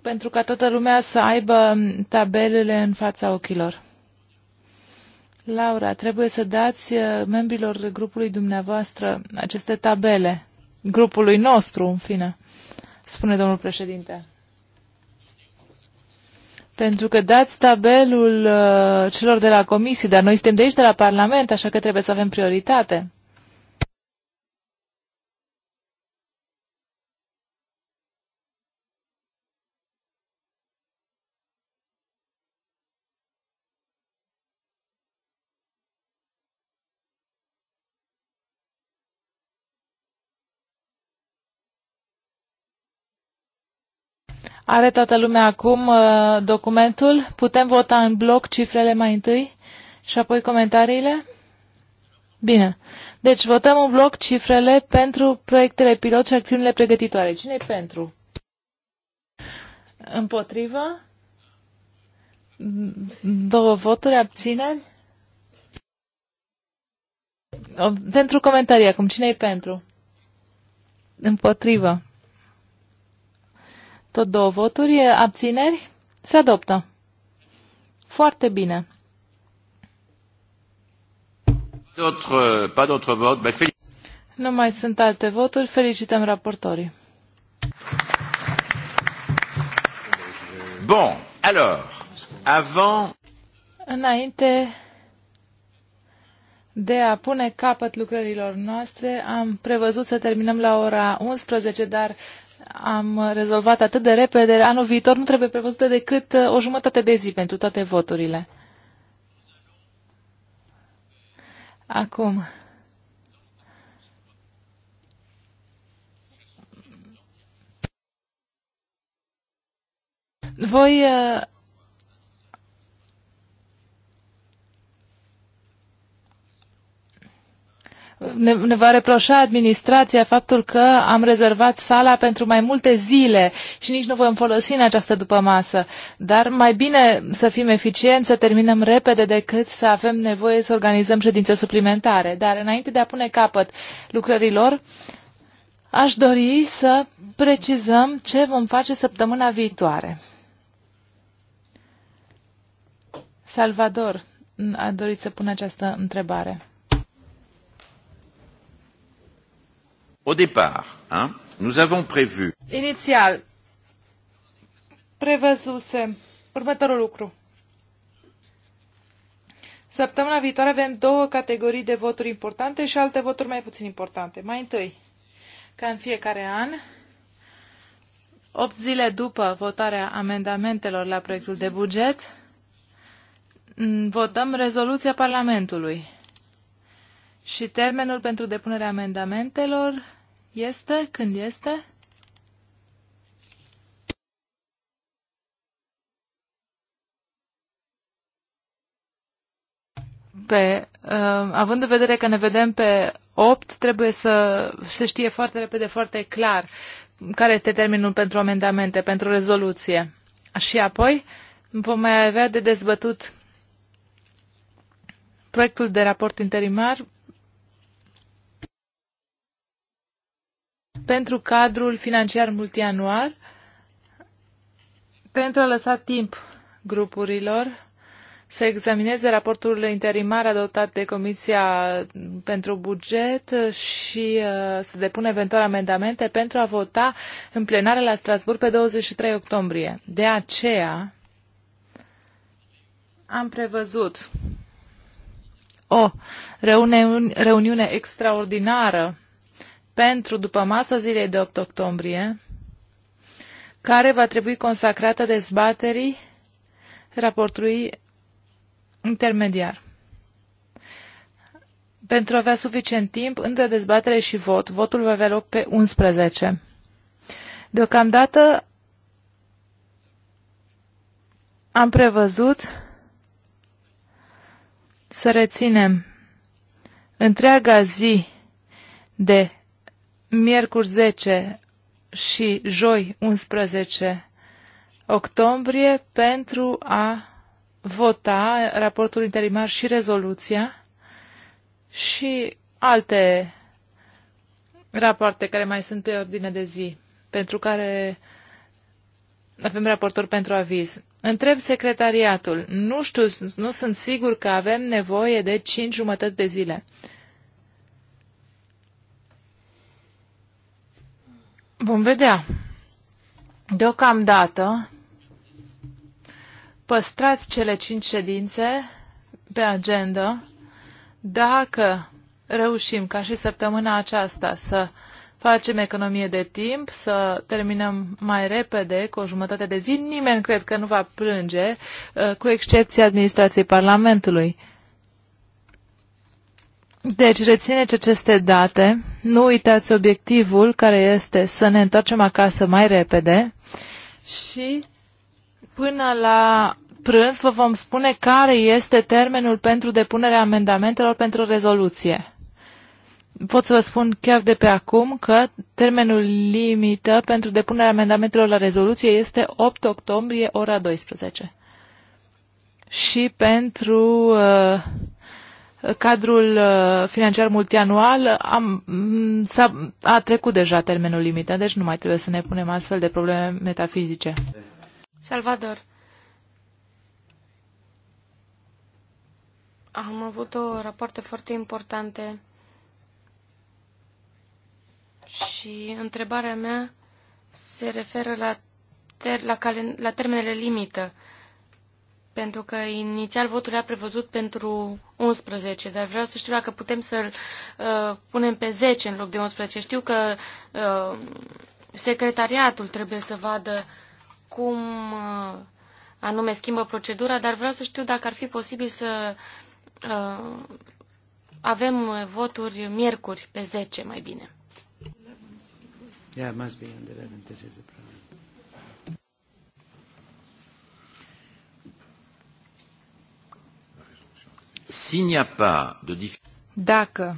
pentru ca toată lumea să aibă um, tabelele în fața ochilor. Laura, trebuie să dați uh, membrilor grupului dumneavoastră aceste tabele, grupului nostru, în fine, spune domnul președinte. Pentru că dați tabelul uh, celor de la comisie, dar noi suntem de aici, de la Parlament, așa că trebuie să avem prioritate. Are toată lumea acum uh, documentul? Putem vota în bloc cifrele mai întâi și apoi comentariile? Bine. Deci votăm în bloc cifrele pentru proiectele pilot și acțiunile pregătitoare. cine e pentru? Împotrivă? Două voturi, abțineri? Pentru comentarii acum. cine e pentru? Împotrivă. Tot două voturi, abțineri, se adoptă. Foarte bine. Nu mai sunt alte voturi. Felicităm raportorii. Bon, alors, avant... Înainte de a pune capăt lucrărilor noastre, am prevăzut să terminăm la ora 11, dar am rezolvat atât de repede. Anul viitor nu trebuie prevăzută decât uh, o jumătate de zi pentru toate voturile. Acum. Voi uh, ne, ne va reproșa administrația faptul că am rezervat sala pentru mai multe zile și nici nu vom folosi în această dupămasă. Dar mai bine să fim eficienți, să terminăm repede decât să avem nevoie să organizăm ședințe suplimentare. Dar înainte de a pune capăt lucrărilor, aș dori să precizăm ce vom face săptămâna viitoare. Salvador a dorit să pună această întrebare. Au départ, hein, nous avons prévu. Initial. prevăzusem următorul lucru. Săptămâna viitoare avem două categorii de voturi importante și alte voturi mai puțin importante. Mai întâi, ca în fiecare an, opt zile după votarea amendamentelor la proiectul de buget, votăm rezoluția Parlamentului. Și termenul pentru depunerea amendamentelor este? Când este? Pe, uh, având în vedere că ne vedem pe 8, trebuie să se știe foarte repede, foarte clar care este termenul pentru amendamente, pentru rezoluție. Și apoi vom mai avea de dezbătut proiectul de raport interimar pentru cadrul financiar multianual, pentru a lăsa timp grupurilor să examineze raportul interimar adoptat de Comisia pentru Buget și uh, să depună eventual amendamente pentru a vota în plenare la Strasburg pe 23 octombrie. De aceea am prevăzut o reuniune extraordinară pentru după masa zilei de 8 octombrie, care va trebui consacrată dezbaterii raportului intermediar. Pentru a avea suficient timp între dezbatere și vot, votul va avea loc pe 11. Deocamdată am prevăzut să reținem întreaga zi de miercuri 10 și joi 11 octombrie pentru a vota raportul interimar și rezoluția și alte rapoarte care mai sunt pe ordine de zi, pentru care avem raportor pentru aviz. Întreb secretariatul. Nu știu, nu sunt sigur că avem nevoie de 5 jumătăți de zile. Vom vedea. Deocamdată, păstrați cele cinci ședințe pe agenda. Dacă reușim ca și săptămâna aceasta să facem economie de timp, să terminăm mai repede, cu o jumătate de zi, nimeni cred că nu va plânge, uh, cu excepția administrației Parlamentului. Deci, rețineți aceste date, nu uitați obiectivul care este să ne întoarcem acasă mai repede și până la prânz vă vom spune care este termenul pentru depunerea amendamentelor pentru rezoluție. Pot să vă spun chiar de pe acum că termenul limită pentru depunerea amendamentelor la rezoluție este 8 octombrie, ora 12. Și pentru uh, cadrul uh, financiar multianual am, a a trecut deja termenul limită, deci nu mai trebuie să ne punem astfel de probleme metafizice. Salvador, am avut o rapoarte foarte importante și întrebarea mea se referă la, ter- la, calen- la termenele limită pentru că inițial votul era prevăzut pentru 11, dar vreau să știu dacă putem să-l uh, punem pe 10 în loc de 11. Știu că uh, secretariatul trebuie să vadă cum uh, anume schimbă procedura, dar vreau să știu dacă ar fi posibil să uh, avem voturi miercuri pe 10 mai bine. Yeah, it must be under 11 This is the problem. Dacă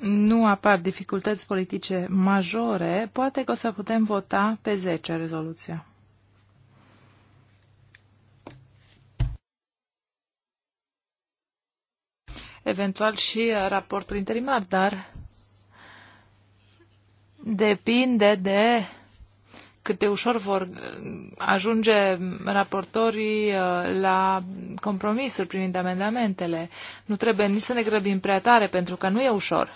nu apar dificultăți politice majore, poate că o să putem vota pe 10 rezoluția. Eventual și raportul interimar, dar depinde de cât de ușor vor ajunge raportorii uh, la compromisuri privind amendamentele. Nu trebuie nici să ne grăbim prea tare, pentru că nu e ușor.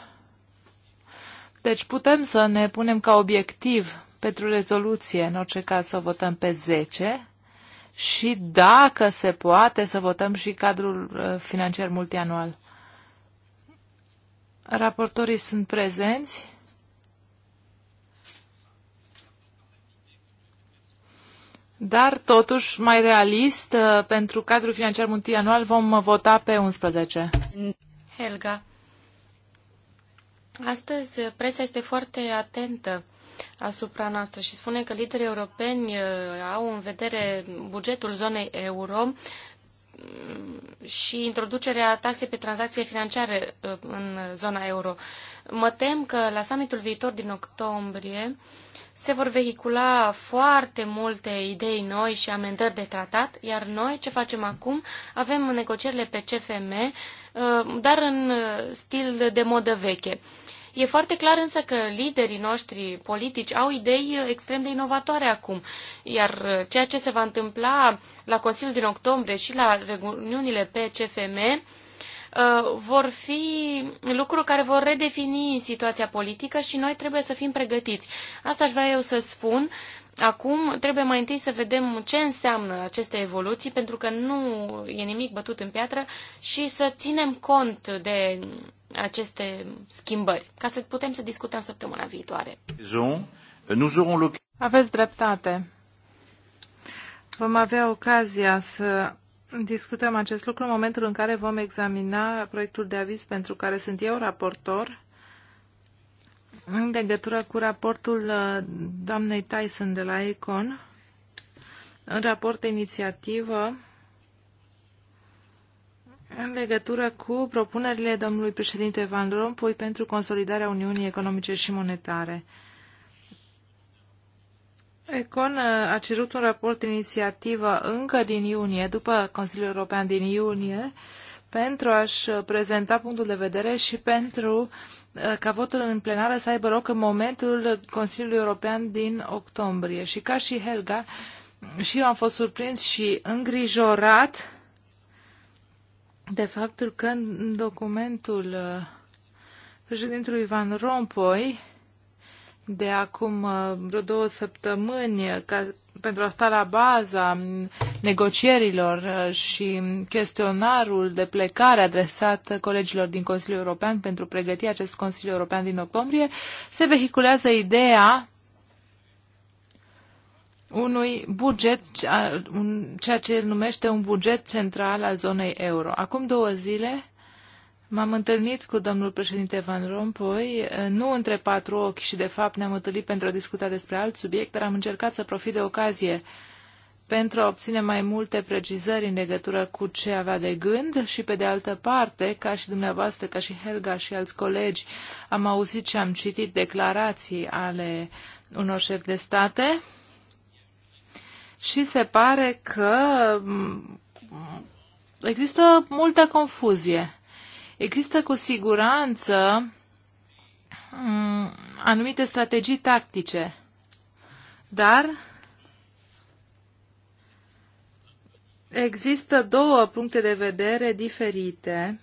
Deci putem să ne punem ca obiectiv pentru rezoluție, în orice caz să votăm pe 10 și dacă se poate să votăm și cadrul uh, financiar multianual. Raportorii sunt prezenți. dar totuși mai realist uh, pentru cadrul financiar multianual vom vota pe 11. Helga, astăzi presa este foarte atentă asupra noastră și spune că liderii europeni uh, au în vedere bugetul zonei euro mm, și introducerea taxei pe tranzacție financiare uh, în zona euro. Mă tem că la summitul viitor din octombrie uh, se vor vehicula foarte multe idei noi și amendări de tratat, iar noi ce facem acum? Avem negocierile pe CFM, uh, dar în uh, stil de modă veche. E foarte clar însă că liderii noștri politici au idei uh, extrem de inovatoare acum, iar ceea ce se va întâmpla la Consiliul din octombrie și la reuniunile pe CFM Uh, vor fi lucruri care vor redefini situația politică și noi trebuie să fim pregătiți. Asta aș vrea eu să spun. Acum trebuie mai întâi să vedem ce înseamnă aceste evoluții, pentru că nu e nimic bătut în piatră, și să ținem cont de aceste schimbări, ca să putem să discutăm săptămâna viitoare. Aveți dreptate. Vom avea ocazia să discutăm acest lucru în momentul în care vom examina proiectul de aviz pentru care sunt eu raportor în legătură cu raportul uh, doamnei Tyson de la Econ, în raport de inițiativă în legătură cu propunerile domnului președinte Van Rompuy pentru consolidarea Uniunii Economice și Monetare. Econ uh, a cerut un raport inițiativă încă din iunie, după Consiliul European din iunie, pentru a-și uh, prezenta punctul de vedere și pentru uh, ca votul în plenară să aibă loc în momentul Consiliului European din octombrie. Și ca și Helga, și eu am fost surprins și îngrijorat de faptul că în documentul președintelui Van Rompuy de acum uh, vreo două săptămâni ca, pentru a sta la baza negocierilor uh, și chestionarul de plecare adresat colegilor din Consiliul European pentru pregăti acest Consiliu European din octombrie, se vehiculează ideea unui buget, ceea ce el numește un buget central al zonei euro. Acum două zile, M-am întâlnit cu domnul președinte Van Rompuy, nu între patru ochi și de fapt ne-am întâlnit pentru a discuta despre alt subiect, dar am încercat să profit de ocazie pentru a obține mai multe precizări în legătură cu ce avea de gând și, pe de altă parte, ca și dumneavoastră, ca și Helga și alți colegi, am auzit și am citit declarații ale unor șefi de state și se pare că mm, există multă confuzie Există cu siguranță mm, anumite strategii tactice, dar există două puncte de vedere diferite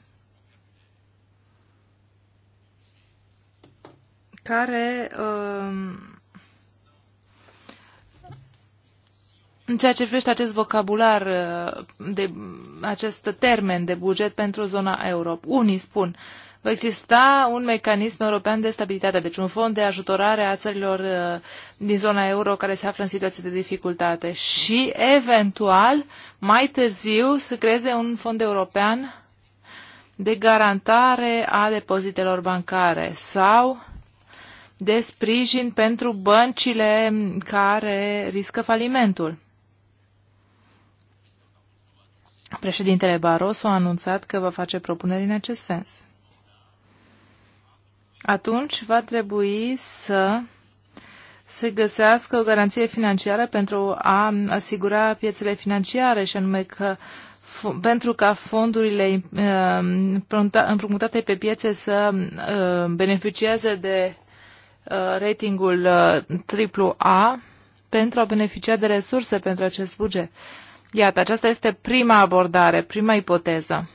care uh, În ceea ce privește acest vocabular, uh, de, acest termen de buget pentru zona euro, unii spun va exista un mecanism european de stabilitate, deci un fond de ajutorare a țărilor uh, din zona euro care se află în situații de dificultate și, eventual, mai târziu, să creeze un fond european de garantare a depozitelor bancare sau de sprijin pentru băncile care riscă falimentul. Președintele Barroso a anunțat că va face propuneri în acest sens. Atunci va trebui să se găsească o garanție financiară pentru a asigura piețele financiare și anume că pentru ca fondurile uh, împrumutate pe piețe să uh, beneficieze de uh, ratingul AAA pentru a beneficia de resurse pentru acest buget. Iată, aceasta este prima abordare, prima ipoteză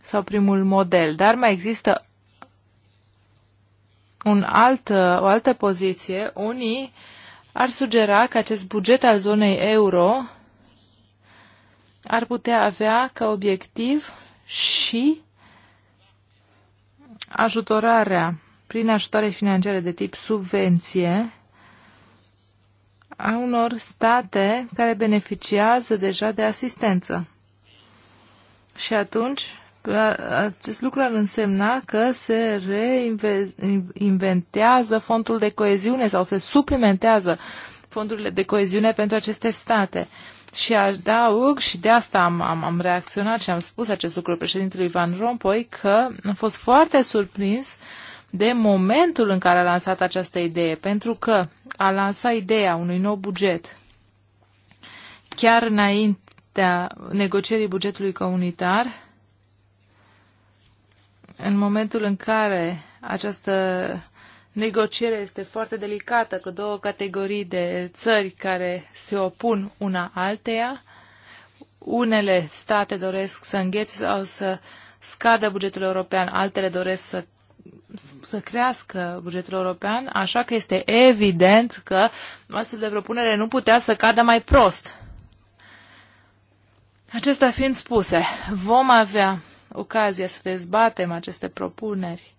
sau primul model, dar mai există un alt, o altă poziție. Unii ar sugera că acest buget al zonei euro ar putea avea ca obiectiv și ajutorarea prin ajutoare financiare de tip subvenție a unor state care beneficiază deja de asistență. Și atunci, acest lucru ar însemna că se reinventează fondul de coeziune sau se suplimentează fondurile de coeziune pentru aceste state. Și adaug, și de asta am, am, am reacționat și am spus acest lucru președintelui Van Rompuy, că am fost foarte surprins uh, de momentul în care a lansat această idee, pentru că a lansat ideea unui nou buget chiar înaintea negocierii bugetului comunitar, în momentul în care această negociere este foarte delicată cu două categorii de țări care se opun una alteia, unele state doresc să înghețe sau să scadă bugetul european, altele doresc să să crească bugetul european, așa că este evident că o astfel de propunere nu putea să cadă mai prost. Acestea fiind spuse, vom avea ocazia să dezbatem aceste propuneri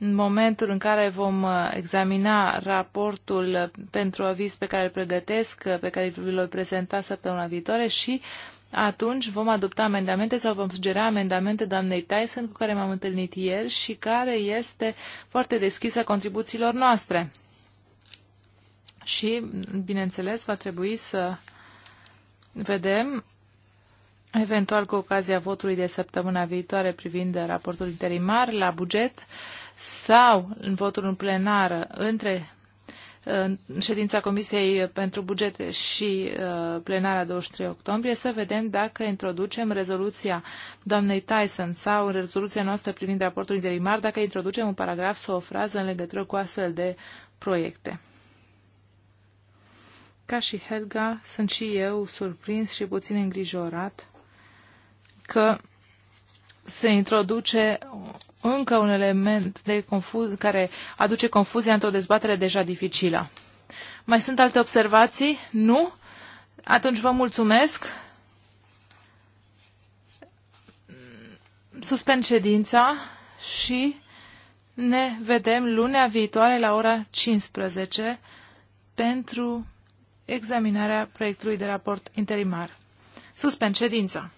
în momentul în care vom uh, examina raportul uh, pentru aviz pe care îl pregătesc, uh, pe care îl voi prezenta săptămâna viitoare și uh, atunci vom adopta amendamente sau vom sugera amendamente doamnei Tyson cu care m-am întâlnit ieri și care este foarte deschisă contribuțiilor noastre. Și, bineînțeles, va trebui să vedem eventual cu ocazia votului de săptămâna viitoare privind raportul interimar la buget sau în votul în plenară între ședința Comisiei pentru Bugete și uh, plenara 23 octombrie, să vedem dacă introducem rezoluția doamnei Tyson sau rezoluția noastră privind raportul interimar, dacă introducem un paragraf sau o frază în legătură cu astfel de proiecte. Ca și Helga, sunt și eu surprins și puțin îngrijorat că se introduce încă un element de confuz, care aduce confuzia într-o dezbatere deja dificilă. Mai sunt alte observații? Nu? Atunci vă mulțumesc. Suspend ședința și ne vedem lunea viitoare la ora 15 pentru examinarea proiectului de raport interimar. Suspend ședința.